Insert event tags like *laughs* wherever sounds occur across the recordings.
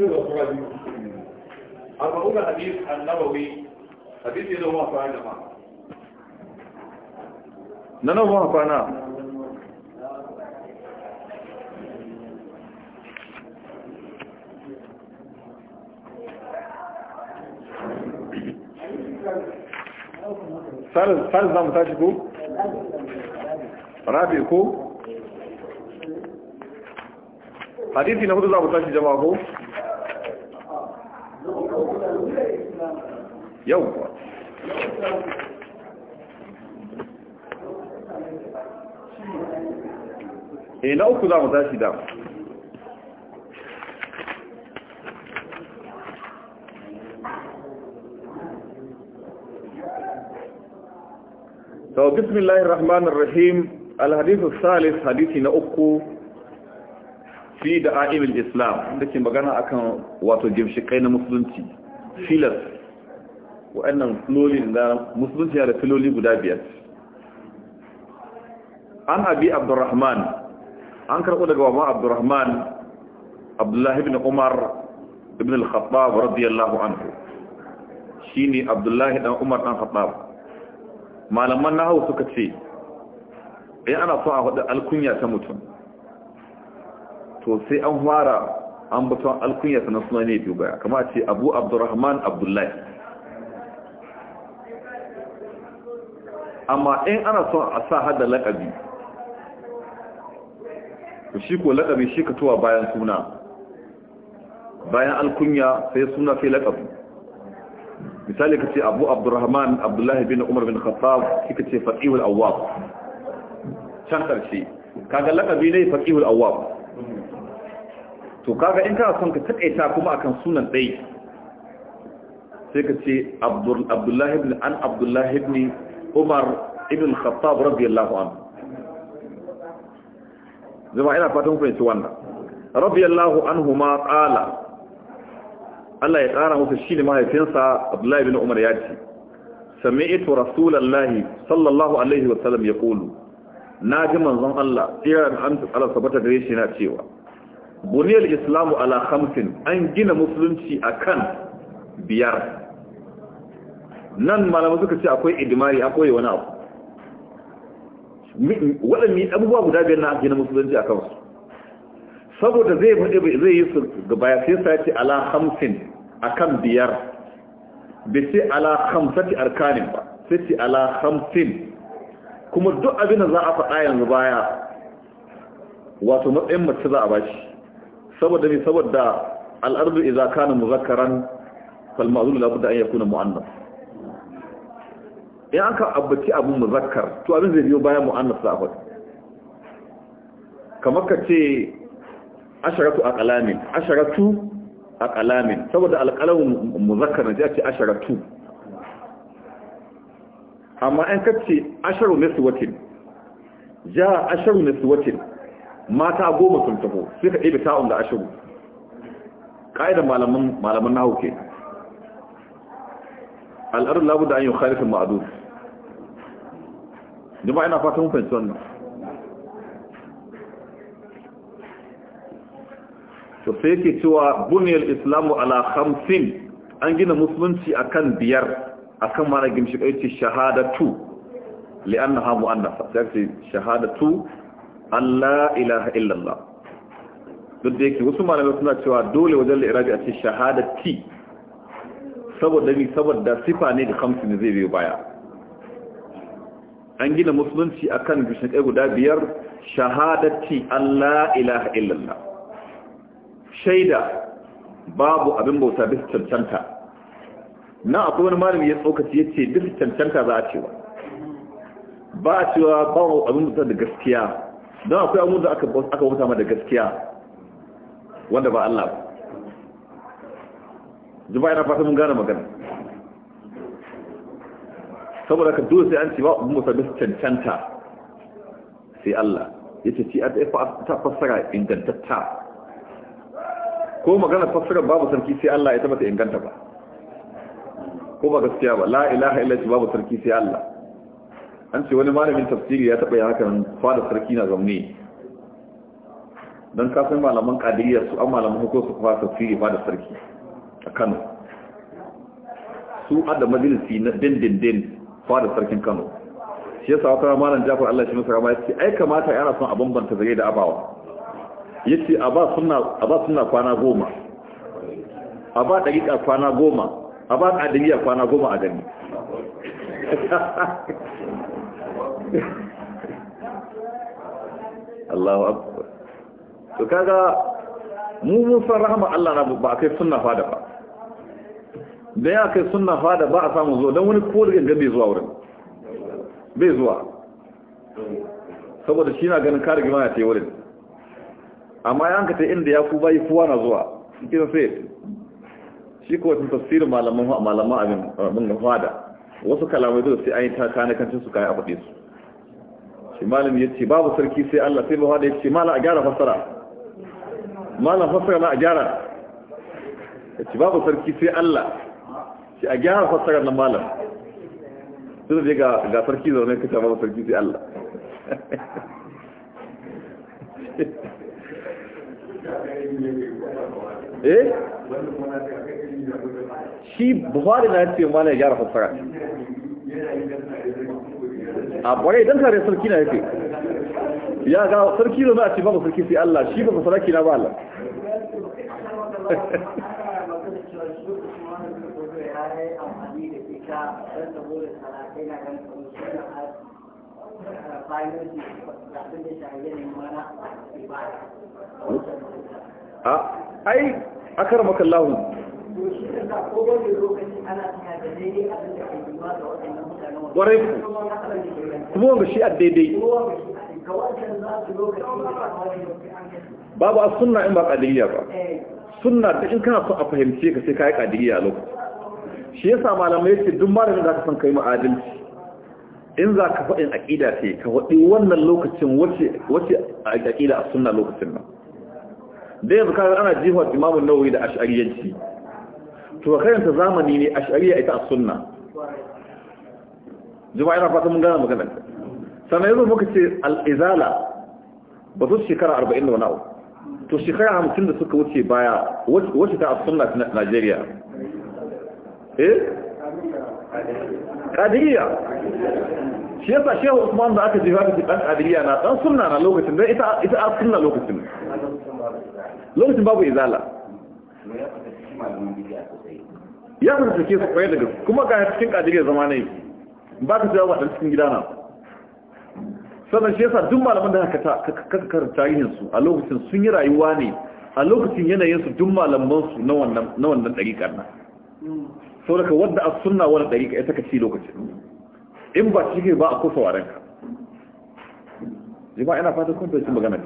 ne da sura biyu arba'una hadis annabawi hadis ne da wa fa da ma na nan wa fa na sal za mu tashi ko? rabi ko? hadithi na hudu za mu tashi jama'a ko? Yau, e eh, na uku za mu tashi da sau bismillahir rahmanir rahim alhadisu salis hadisi na uku fi da a'imil islam da ke magana akan wato jemshe-kai na musulunci filas waɗannan filoli na musulunci da filoli guda biyar an abi abdurrahman an karɓo daga wama abdurrahman abdullahi bin umar ibn al-khattab radiyallahu anhu shi ne abdullahi dan umar dan khattab malaman nahawu suka ce in eh, ana so a faɗi alkunya ta mutum to sai an fara an baton alkunya ta na suna ne biyu baya kama ce abu abdurrahman abdullahi amma in ana son a sa hada laƙabi shi ko laƙabi shi ka tuwa bayan suna bayan alkunya sai suna sai laƙabi misali ka ce abu abdurrahman abdullahi bin umar bin khattab shi ka ce faƙihul awwab can ƙarshe kaga laƙabi ne faƙihul awwab to kaga in kana son ka taƙaita kuma akan sunan ɗai sai ka ce abdullahi bin an abdullahi bin umar ibn khattab radiyallahu anhu zama ina fatan fahimci wannan radiyallahu anhu ma qala Allah ya kara musu shi ne mahaifinsa Abdullah ibn Umar ya ce sami'tu rasulullahi sallallahu alaihi wa sallam yaqulu naji manzon Allah tsira da an tsara sabata gare shi na cewa buniyal islamu ala khamsin an gina musulunci akan biyar nan malamu suka ce akwai idimari akwai wani abu waɗanne abubuwa guda biyar na gina musulunci a kansu saboda zai faɗi zai yi su gabaya, sai sai ce ala hamsin a kan biyar bai ce ala hamsati arkanin ba sai ce ala hamsin kuma duk abin da za a faɗa yanzu baya wato matsayin mace za a shi saboda ne saboda al'adu idza kana muzakkaran fal ma'zul la budda an yakuna mu'annas in an ka abbaci abin muzakkar to abin zai biyo bayan mu'annas sa'afat kamar ka ce asharatu aqlamin asharatu kalamin saboda alqalamu muzakkar ne ce asharatu amma in ka ce asharu niswatin ja asharu niswatin mata goma sun taho sai ka ɗebe ta'un da asharu ƙa'idar malaman nahu ke al'adun labu da an yi khalifin ma'adus jama'a ina fatan fahimci wannan to sai yake cewa buniyar islamu ala hamsin an gina musulunci akan biyar akan mana gimshi kai ce shahadatu an ha mu'annasa sai shahada shahadatu Allah ilaha illallah duk da yake wasu malamai suna cewa dole wajen la'irabi a ce shahadati saboda ni saboda sifa ne da hamsin zai biyo baya an gina musulunci akan gishikai guda biyar shahadati Allah ilaha illallah shaida babu abin bauta bisa cancanta na akwai wani malami ya tsokaci ya ce bisa cancanta za a cewa ba a cewa babu abin bauta da gaskiya don akwai abin da aka bauta ma da gaskiya wanda ba Allah ba. Zuba yana fata mun gane magana. saboda ka dole sai an ce ba abu musa bisa cancanta sai Allah ya ce ci ta fassara ingantatta ko magana fassara babu sarki sai Allah ya tabbata inganta ba ko ba gaskiya ba la ilaha illa shi babu sarki sai Allah an ce wani malamin tafsiri ya taɓa yi haka fada sarki na zaune don kasan malaman kadiriya su an malaman su fada tafsiri fada sarki a Kano su adda majalisi na dindindin fara sarkin Kano shi yasa wata malam Jafar Allah shi masa Ya yace ai kamata yana son a bambanta zare da abawa yace ce sunna a ba sunna kwana goma a ba dakika kwana goma a ba kadiriya kwana goma a gani *laughs* Allahu akbar to kaga mu mun san rahama Allah na ba kai sunna fada ba da ya kai suna fada ba a samun zuwa don wani ko daga bai zuwa wurin bai zuwa saboda shi na ganin kare gima ya ce wurin amma ya hankata inda ya ku bayi kuwa na zuwa Kira sai shi ko sun tafsirin malaman malaman abin abin fada wasu kalamai zuwa sai an yi ta kane kan su kayan abuɗe su shi malam ya ce babu sarki sai Allah sai ba da ya ce malam a gyara fassara malam fassara na a gyara ya ce babu sarki sai Allah ce a gyara fassara nan malam duk zai ga sarki zaune ka tabbata sarki sai Allah *laughs* eh shi buhari na ce mana ya gyara fassara a kwarai idan kare sarki na yake ya ga sarki zaune a ce babu sarki sai Allah shi ba fassara kina ba Allah *laughs* bayoji da abin da shahararren yanayin mana ibada a ai akar makallahu ƙwarai kuma wanga shi a daidai babu a suna in ba ƙadiriya ba suna da in kana son a fahimce ka sai ka yi ƙadiriya a lokaci shi yasa malamai ce dun malamin da ka san kai ma'adalci in za ka faɗin aƙida ce ka faɗi wannan lokacin wace aƙida a suna lokacin nan da yanzu kawai ana jihar imamun nauyi da ashariyanci to ka karanta zamani ne ashariya ita a suna jima'a yana fata mun gana maganar sannan yanzu muka ce al'izala ba su shekara arba'in da wani to shekara hamsin da suka wuce baya wace ta a suna najeriya eh kadiriya shi yasa shehu usman da aka jefa da dan kadiriya na dan sunna na lokacin dan ita ita a sunna lokacin lokacin babu izala ya mun take su koyar daga kuma ga cikin kadiriya zamanai ba ka jawo wadanda cikin gidana sannan shi yasa duk malaman da aka karanta tarihin su a lokacin sun yi rayuwa ne a lokacin yanayin su duk malaman su na wannan na wannan dariƙar nan sau daga wadda a suna wani ɗari ka ya saka ci lokacin in ba shi ke ba a kusa warenka jima ina fata kun fahimci magana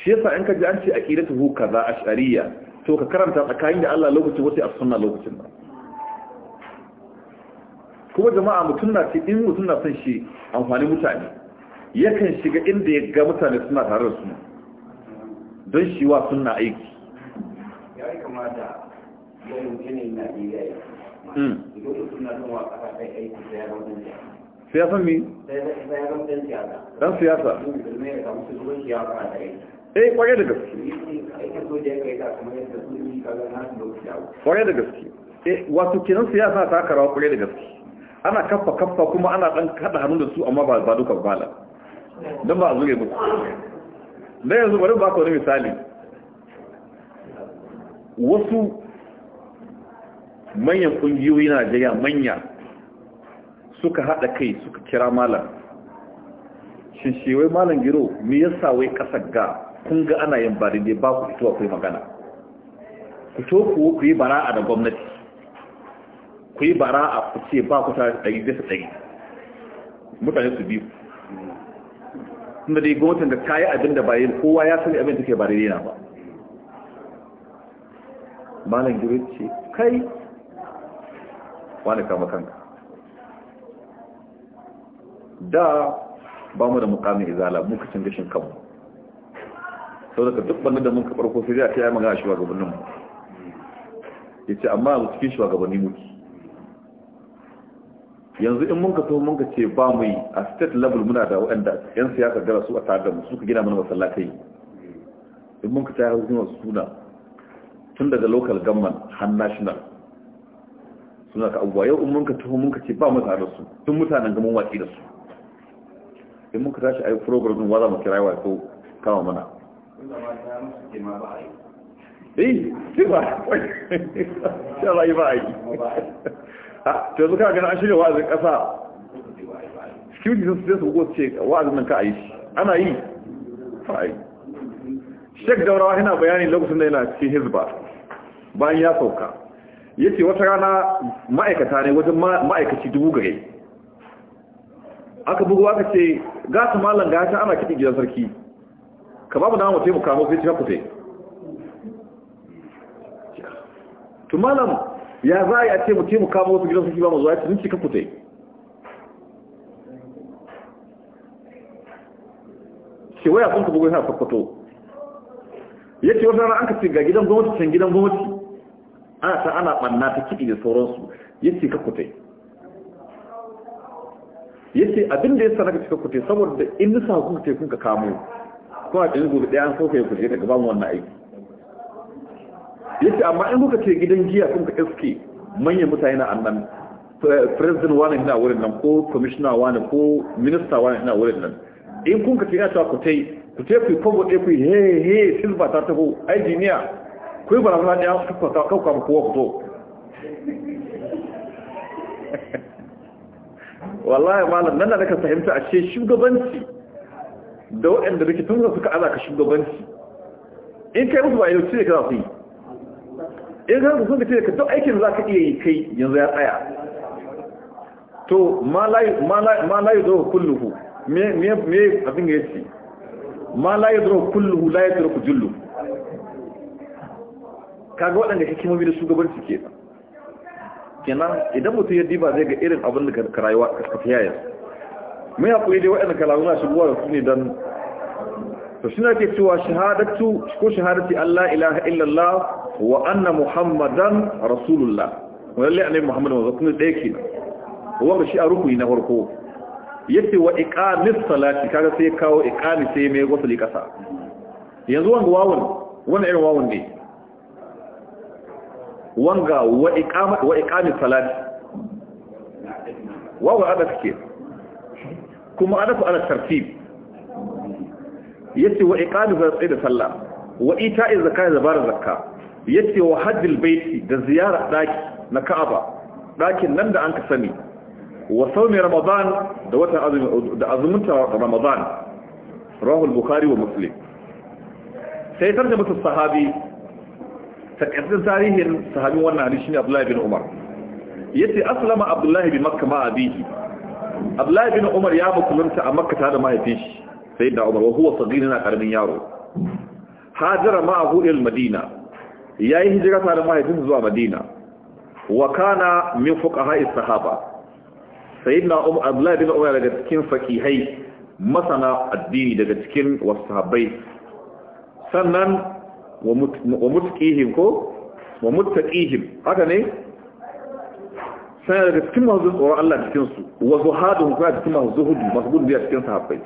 shi yasa in ka ji an ce a huka za a shari'a to ka karanta tsakanin da Allah lokacin wace a sunna lokacin ba kuma jama'a mutum na ce in mutum na son shi amfani mutane yakan shiga inda ya ga mutane suna tare da suna don shi wa aiki ya kamata yanayin Najeriya Hmm. siyasan mi? dan siyasa eh kwaye da gaske kwaye da gaske eh wato kinan siyasa ta karawa kwaye da gaske ana kafa kafa kuma ana ɗan kaɗa hannu da su amma ba duka bala don ba a zuge musu na yanzu bari ba ka wani misali wasu manyan ƙungiyoyi na Najeriya manya suka haɗa kai suka kira malam shinshewai malam giro me yasa wai ƙasar ga kun ga ana yin ba daidai ba ku fito akwai magana ku to ku ku yi bara a da gwamnati ku yi bara a ku ce ba ku tare da ɗari ɗari mutane su biyu suna dai gwamnatin da ta yi abin da bayan kowa ya sani abin da ke ba daidai na ba malam giro ce kai wani kama kanka da ba mu da mukamin izala muka cin gashin kanmu sau daga duk banda da mun ka farko sai zai a yi magana shugabanninmu ya ce amma yanzu cikin shugabanni muke yanzu in mun ka so mun ka ce ba mu yi a state level muna da waɗanda yan siyasa gara su a tare da mu ka gina mana masallatai in mun ka ta yi hausin suna tun daga local government har national suna ka abubuwa yau in mun ka taho ce ba mu tare su tun mutanen ga mun da su in muka tashi a yi program din wa za mu kira wa ko kama mana eh sai ba sai ba yi ba yi a ah, to zuka ga an shirya wa'azin kasa security sun sai su go ce wa'azin nan ka a yi shi ana yi fa yi shek daurawa yana bayani lokacin da yana cikin hizba bayan ya sauka yace wata rana ma'aikata ne wajen ma'aikaci dubu gare aka bugu aka ce malan ga gata ana kiɗi gidan sarki ka babu na mutum mu kamo sai cika tu to malam ya za a yi a ce mutum mu kamo wasu gidan sarki ba mu zuwa ya ce cika kutai ce waya sun ka bugu ya sa ya yake wata rana an ka ce ga gidan gwamnati can gidan gwamnati ana ta ana ɓanna ta kiɗi da sauransu ya ce ka kutai ya ce abin da ya sa naka cika kutai saboda in nisa hukun kun ka kamo kuma ɗin gobe ɗaya an sauka ya kutai daga ba wannan aiki ya ce amma in kuka ce gidan giya kun ka iske manyan mutane na annan eh, president wani ina wurin nan ko commissioner wani ko minister wani ina wurin nan in kun ka ce yana cewa kute tai ku tai ku kogo ɗaya ku he he silva ta taho ai jiniya ku yi barazana ɗaya su kakwa ma kowa fito wallahi malam nan da ka fahimta a ce shugabanci da waɗanda rikitun tun suka ana ka shugabanci in kai musu ba yau ce ka za su yi in kai musu da ce ka duk aikin za ka iya yi kai yanzu ya tsaya to ma la yi zuwa kulluhu me abin ya ce ma la zuwa kulluhu la zuwa kulluhu kaga waɗanda hikimomi da shugabanci ke nan kenan idan mutum ya diba zai ga irin abin da ka rayuwa ka fi yayar mai haƙuri dai waɗanda kalamu na shigowa da su ne don to shi na ke cewa shahadatu ko shahadati Allah ilaha illallah wa anna muhammadan rasulullah walalle annabi muhammad manzo kuma da yake ba shi a rukuni na farko yace wa iqamis salati kaga sai kawo iqami sai mai wasali kasa yanzu wanga wawun wannan irin wawun ne wanga wa iqamis salati wawa ada take kuma ada ku ala tartib yace wa iqamis salati da sallah wa ita'i zakati da bar zakka yace wa hajjil baiti da ziyara daki na ka'aba dakin nan da an ka sani wa saumi ramadan da watan azumi azumunta ramadan Rahul al-bukhari wa muslim sai tarjama sahabi takardun tarihin sahabin wannan hadisi shine Abdullah bin Umar yace aslama Abdullah bin Makka ma abihi Abdullah bin Umar ya musulunta a Makka tare da mahaifin shi sayyidina Umar wa huwa saghir na karamin yaro hajara ma'ahu il Madina yayi hijira tare da mahaifin zuwa Madina wa kana min fuqaha'i sahaba sayyidina Umar Abdullah bin Umar daga cikin faqihai masana addini daga cikin wasahabbai sannan wa mutaqihim ko wa muttaqihim haka ne sai daga cikin masu tsoron Allah cikin su wa zuhadun kuma cikin masu zuhudu masu gudun biya cikin sahabbai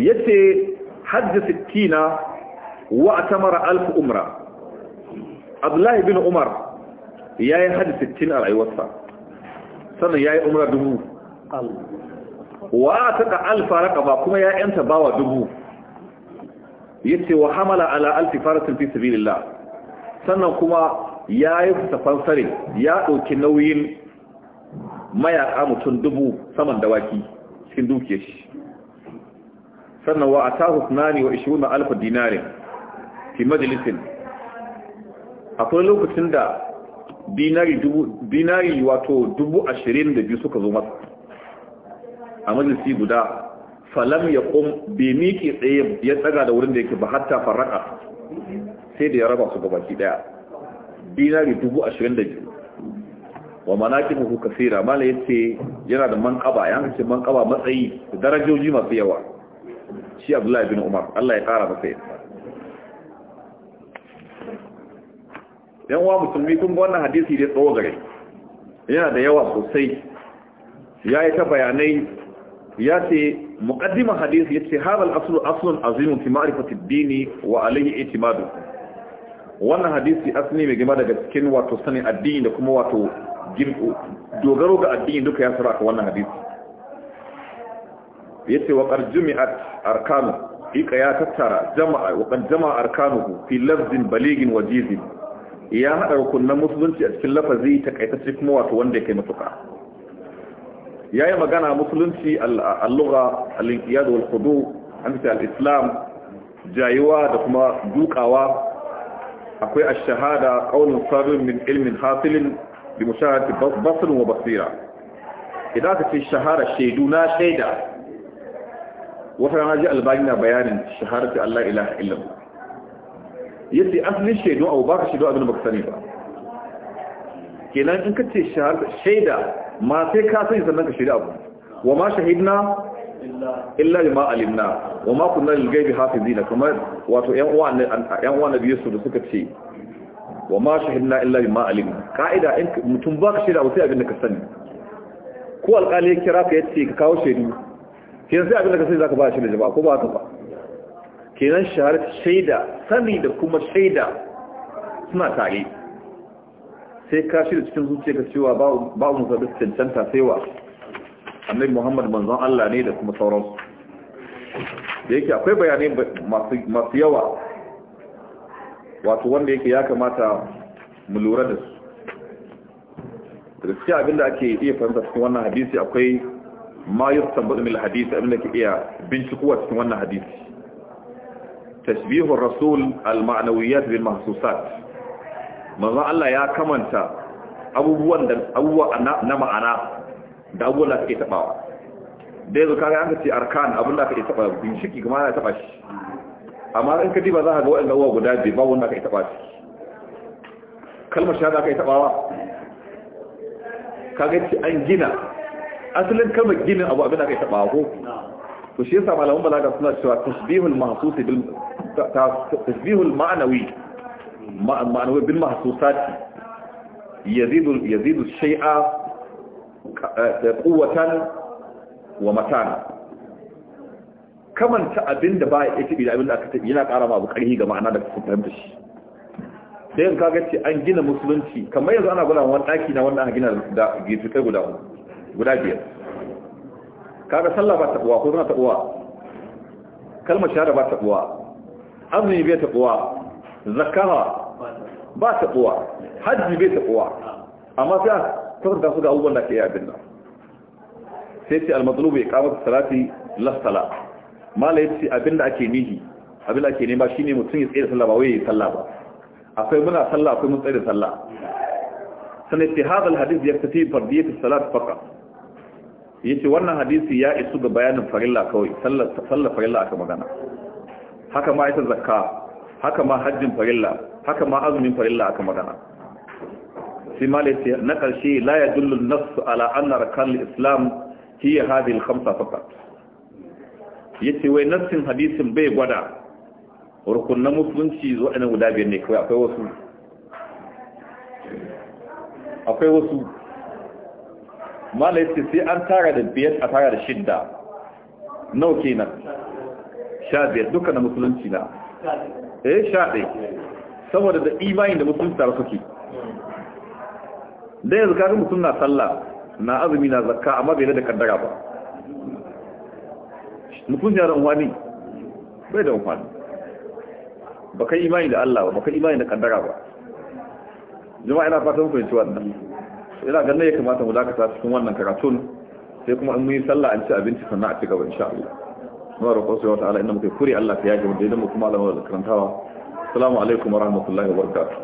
yace hajji sittina wa atamara alf umra Abdullahi bin Umar yayi hajji Sittina a rayuwarsa sannan yayi umra dubu wa ataka alfa raqaba kuma ya yanta bawa dubu yace wa hamala ala alfi faratin fi sabilillah sannan kuma ya yi safan sare ya dauki nauyin mayaka mutum dubu saman dawaki cikin dukiyar shi sannan wa a tahu sunani wa ishirun alfa dinarin fi majalisin akwai lokacin da dinari wato dubu ashirin da biyu suka zo masa a majalisi guda falam ya kum bai miki tsaye ya tsaga da wurin da yake ba hatta farraka sai da ya raba su gabaki daya dinari dubu ashirin da biyu wa manaƙin ku kasira mala ya ce yana da manƙaba ya hanci manƙaba matsayi da darajoji masu yawa shi abdullahi bin umar allah ya ƙara masa yadda yan uwa musulmi kun ga wannan hadisi dai tsawo gare yana da yawa sosai ya yi ta bayanai ya ce muqaddimar yace hadha al-aslu aslun azimun fi ma'rifati ad-dini wa alayhi i'timadu wannan hadisi asli mai gima daga cikin wato sanin addini da kuma wato dogaro ga addini duka ya sarrafa wannan hadisi yace wa qarjumi'at arkanu ika ya tattara jama'a wa qad jama'a arkanuhu fi lafzin baligin wajizin ya hada rukunan musulunci a cikin lafazi takaitacce kuma wato wanda yake mutuka Ya yi magana musulunci al’ura lugha da inqiyad wal khudu amsa al-islam jayuwa da kuma dukawa akwai a shahada ƙaunin sabir min ilmin hasilin da mushahadati basirin wa basira idan ka ce shahara shaidu na shaida wata rana ji albani na bayanin shaharati Allah ilaha illallah yace asalin shaidu abu baka shaidu abin da baka sani ba kenan in ka ce shaida ma sai ka sani sannan ka shirya abu wa ma shahidna illa bima alimna wa ma kunna lil ghaibi hafizina kamar wato yan uwa yan uwa nabi su da suka ce wa ma shahidna illa bima alimna kaida in mutum ba ka shirya abu sai abin da ka sani ko alƙali ya kira ka yace ka kawo shaidu kenan sai abin da ka sani zaka ba shi da jama'a ko ba ka ba kenan shahar shaida sani da kuma shaida suna tare sai ka shirya cikin zuciya ka cewa ba mu zaɓi cancanta sai wa annabi muhammad manzon allah ne da kuma sauransu da yake akwai bayanai masu yawa wato wanda yake ya kamata mu lura da su daga cikin abinda ake iya fahimta cikin wannan hadisi akwai ma yi tambadu mil hadisi abinda ke iya bincikowa cikin wannan hadisi tashbihun rasul al-ma'anawiyyat bil mahsusat manzo Allah ya kamanta abubuwan da abubuwa na ma'ana da abubuwan da suke tabawa da yanzu kare an ka ce arkan abin da kake taba binciki kuma ana taba shi amma in ka diba za ka ga wa'in uwa guda biyu ba wanda kake taɓa shi kalmar shahada kake tabawa ga ce an gina asalin kalmar ginin abu abin da kake tabawa ko to shi yasa malaman balaga suna cewa tasbihul mahsusi bil tasbihul ma'nawi ma'anawi bin mahsusati yazidu shai'a, shay'a eh, quwwatan wa matana kamanta abin da ba ya tabi da abin da aka tabi yana ƙara ma abu ƙarfi ga ma'ana da kuma fahimta shi sai in kaga ce an gina musulunci kamar yanzu ana gudanar wani ɗaki na wanda aka gina da gifikai guda guda biyar kaga sallah ba taɓuwa ko zana taɓuwa kalmar shahada ba taɓuwa azumi bai taɓuwa zakara ba ta kuwa hajji bai ta kuwa amma sai a tabbata su ga abubuwan da ke yi abin nan sai ce almatsalubu ya kamata salati lassala mala ya ce abin da ake nihi abin da ake nema shi ne mutum ya tsaye da sallah ba wai ya yi sallah ba akwai muna sallah akwai mun tsaye da sallah sannan ce hadal hadis ya tafi fardiyatis salat faqa yace wannan hadisi ya isu ga bayanin farilla kawai sallar farilla aka magana haka ma ita zakka haka ma hajjin farilla haka ma azumin farilla aka magana sai malaiti na ƙarshe la ya dullu nafsu ala anna rakan islam hiya hadhihi alkhamsa faqat yace wai nassin hadisin bai gwada rukunan musulunci waɗannan guda biyar ne kawai akwai wasu akwai wasu malaiti sai an tara da biyar a tara da shidda nawa kenan sha biyar duka na musulunci na eh sha ɗai saboda da imanin da mutum tare suke da yanzu kaga mutum na sallah na azumi na zakka amma bai da kaddara ba mutum ya da wani bai da wani ba kai imani da Allah ba ba kai imani da kaddara ba jama'a ina fatan ku fahimci wannan ina ganin ya kamata mu dakata cikin wannan karatun sai kuma in mun yi sallah an ci abinci sannan a ci gaba insha Allah muna roƙon sai wata ala inda muke kuri Allah ya yaji wanda idan mu kuma Allah da karantawa assalamu alaikum wa rahmatullahi wa barakatuh